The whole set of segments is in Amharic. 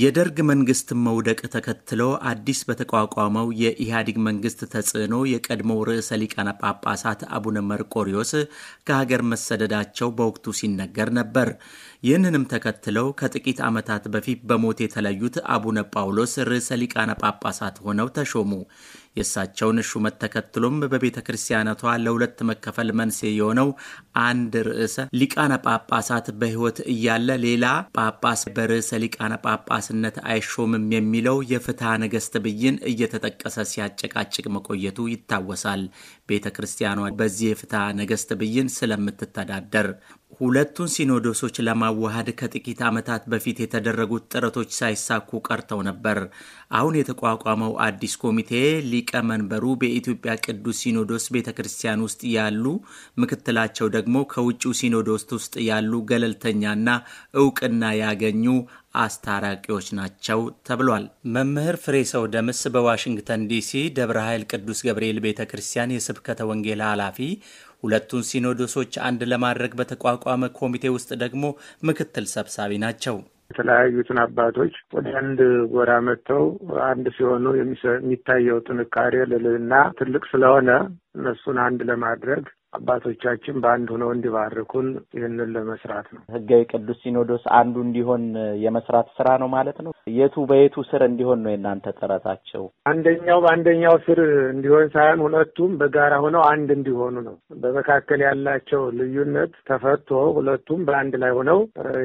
የደርግ መንግስትን መውደቅ ተከትሎ አዲስ በተቋቋመው የኢህአዴግ መንግስት ተጽዕኖ የቀድሞው ርዕሰ ሊቃነ ጳጳሳት አቡነ መርቆሪዎስ ከሀገር መሰደዳቸው በወቅቱ ሲነገር ነበር። ይህንንም ተከትለው ከጥቂት ዓመታት በፊት በሞት የተለዩት አቡነ ጳውሎስ ርዕሰ ሊቃነ ጳጳሳት ሆነው ተሾሙ። የእሳቸውን ሹመት ተከትሎም በቤተ ክርስቲያነቷ ለሁለት መከፈል መንስኤ የሆነው አንድ ርዕሰ ሊቃነ ጳጳሳት በሕይወት እያለ ሌላ ጳጳስ በርዕሰ ሊቃነ ጳጳስነት አይሾምም የሚለው የፍትሐ ነገሥት ብይን እየተጠቀሰ ሲያጨቃጭቅ መቆየቱ ይታወሳል። ቤተ ክርስቲያኗ በዚህ የፍትሐ ነገሥት ብይን ስለምትተዳደር ሁለቱን ሲኖዶሶች ለማዋሃድ ከጥቂት ዓመታት በፊት የተደረጉት ጥረቶች ሳይሳኩ ቀርተው ነበር። አሁን የተቋቋመው አዲስ ኮሚቴ ሊቀመንበሩ በኢትዮጵያ ቅዱስ ሲኖዶስ ቤተ ክርስቲያን ውስጥ ያሉ፣ ምክትላቸው ደግሞ ከውጭው ሲኖዶስ ውስጥ ያሉ ገለልተኛና እውቅና ያገኙ አስታራቂዎች ናቸው ተብሏል። መምህር ፍሬ ሰው ደምስ በዋሽንግተን ዲሲ ደብረ ኃይል ቅዱስ ገብርኤል ቤተ ክርስቲያን የስብከተ ወንጌል ኃላፊ፣ ሁለቱን ሲኖዶሶች አንድ ለማድረግ በተቋቋመ ኮሚቴ ውስጥ ደግሞ ምክትል ሰብሳቢ ናቸው። የተለያዩትን አባቶች ወደ አንድ ጎራ መጥተው አንድ ሲሆኑ የሚታየው ጥንካሬ ልልና ትልቅ ስለሆነ እነሱን አንድ ለማድረግ አባቶቻችን በአንድ ሆነው እንዲባርኩን ይህንን ለመስራት ነው። ህጋዊ ቅዱስ ሲኖዶስ አንዱ እንዲሆን የመስራት ስራ ነው ማለት ነው። የቱ በየቱ ስር እንዲሆን ነው የእናንተ ጥረታቸው? አንደኛው በአንደኛው ስር እንዲሆን ሳይሆን ሁለቱም በጋራ ሆነው አንድ እንዲሆኑ ነው። በመካከል ያላቸው ልዩነት ተፈቶ ሁለቱም በአንድ ላይ ሆነው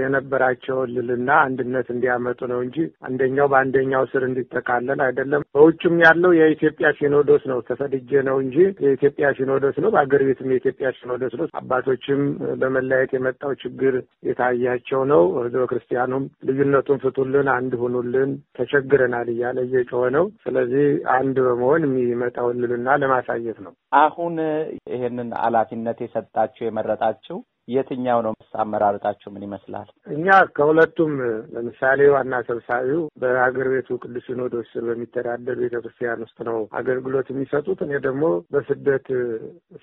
የነበራቸውን ልልና አንድነት እንዲያመጡ ነው እንጂ አንደኛው በአንደኛው ስር እንዲጠቃለል አይደለም። በውጭም ያለው የኢትዮጵያ ሲኖዶስ ነው። ተሰድጄ ነው እንጂ የኢትዮጵያ ሲኖዶስ ነው። በአገር ቤትም ኢትዮጵያችን ወደ ስለ አባቶችም በመለያየት የመጣው ችግር የታያቸው ነው። ህዝበ ክርስቲያኑም ልዩነቱን ፍቱልን፣ አንድ ሁኑልን፣ ተቸግረናል እያለ እየጮኸ ነው። ስለዚህ አንድ በመሆን የሚመጣውን ለማሳየት ነው። አሁን ይህንን ኃላፊነት የሰጣቸው የመረጣቸው የትኛው ነው አመራረጣችሁ? ምን ይመስላል? እኛ ከሁለቱም ለምሳሌ ዋና ሰብሳቢው በሀገር ቤቱ ቅዱስ ሲኖዶስ ስር በሚተዳደር ቤተክርስቲያን ውስጥ ነው አገልግሎት የሚሰጡት። እኔ ደግሞ በስደት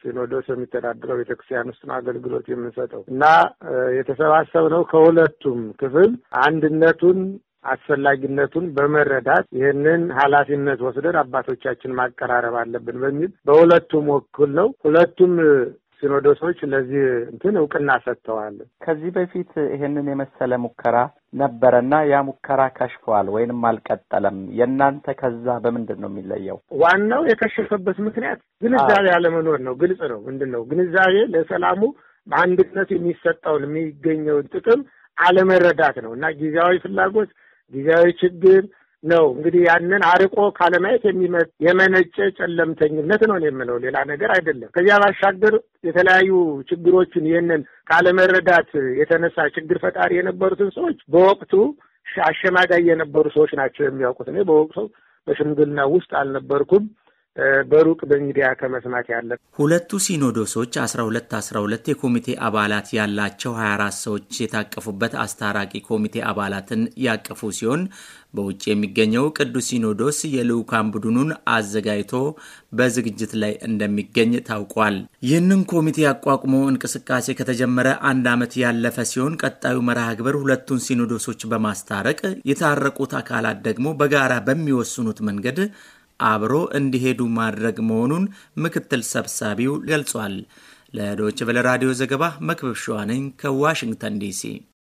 ሲኖዶስ በሚተዳደረው ቤተክርስቲያን ውስጥ ነው አገልግሎት የምንሰጠው እና የተሰባሰብነው ከሁለቱም ክፍል አንድነቱን አስፈላጊነቱን በመረዳት ይህንን ኃላፊነት ወስደን አባቶቻችን ማቀራረብ አለብን በሚል በሁለቱም ወክል ነው። ሁለቱም ሲኖዶሶች ለዚህ እንትን እውቅና ሰጥተዋል። ከዚህ በፊት ይህንን የመሰለ ሙከራ ነበረና ያ ሙከራ ከሽፈዋል ወይንም አልቀጠለም። የእናንተ ከዛ በምንድን ነው የሚለየው? ዋናው የከሸፈበት ምክንያት ግንዛቤ አለመኖር ነው። ግልጽ ነው። ምንድን ነው ግንዛቤ ለሰላሙ በአንድነት የሚሰጠውን የሚገኘውን ጥቅም አለመረዳት ነው እና ጊዜያዊ ፍላጎት፣ ጊዜያዊ ችግር ነው። እንግዲህ ያንን አርቆ ካለማየት የሚመጥ የመነጨ ጨለምተኝነት ነው የምለው፣ ሌላ ነገር አይደለም። ከዚያ ባሻገር የተለያዩ ችግሮችን ይህንን ካለመረዳት የተነሳ ችግር ፈጣሪ የነበሩትን ሰዎች በወቅቱ አሸማጋይ የነበሩ ሰዎች ናቸው የሚያውቁት። እኔ በወቅቱ በሽምግልና ውስጥ አልነበርኩም። በሩቅ በሚዲያ ከመስማት ያለ ሁለቱ ሲኖዶሶች አስራ ሁለት አስራ ሁለት የኮሚቴ አባላት ያላቸው ሀያ አራት ሰዎች የታቀፉበት አስታራቂ ኮሚቴ አባላትን ያቀፉ ሲሆን በውጭ የሚገኘው ቅዱስ ሲኖዶስ የልዑካን ቡድኑን አዘጋጅቶ በዝግጅት ላይ እንደሚገኝ ታውቋል። ይህንን ኮሚቴ አቋቁሞ እንቅስቃሴ ከተጀመረ አንድ ዓመት ያለፈ ሲሆን ቀጣዩ መርሃ ግብር ሁለቱን ሲኖዶሶች በማስታረቅ የታረቁት አካላት ደግሞ በጋራ በሚወስኑት መንገድ አብሮ እንዲሄዱ ማድረግ መሆኑን ምክትል ሰብሳቢው ገልጿል። ለዶችቨለ ራዲዮ ዘገባ መክብብ ሸዋነኝ ከዋሽንግተን ዲሲ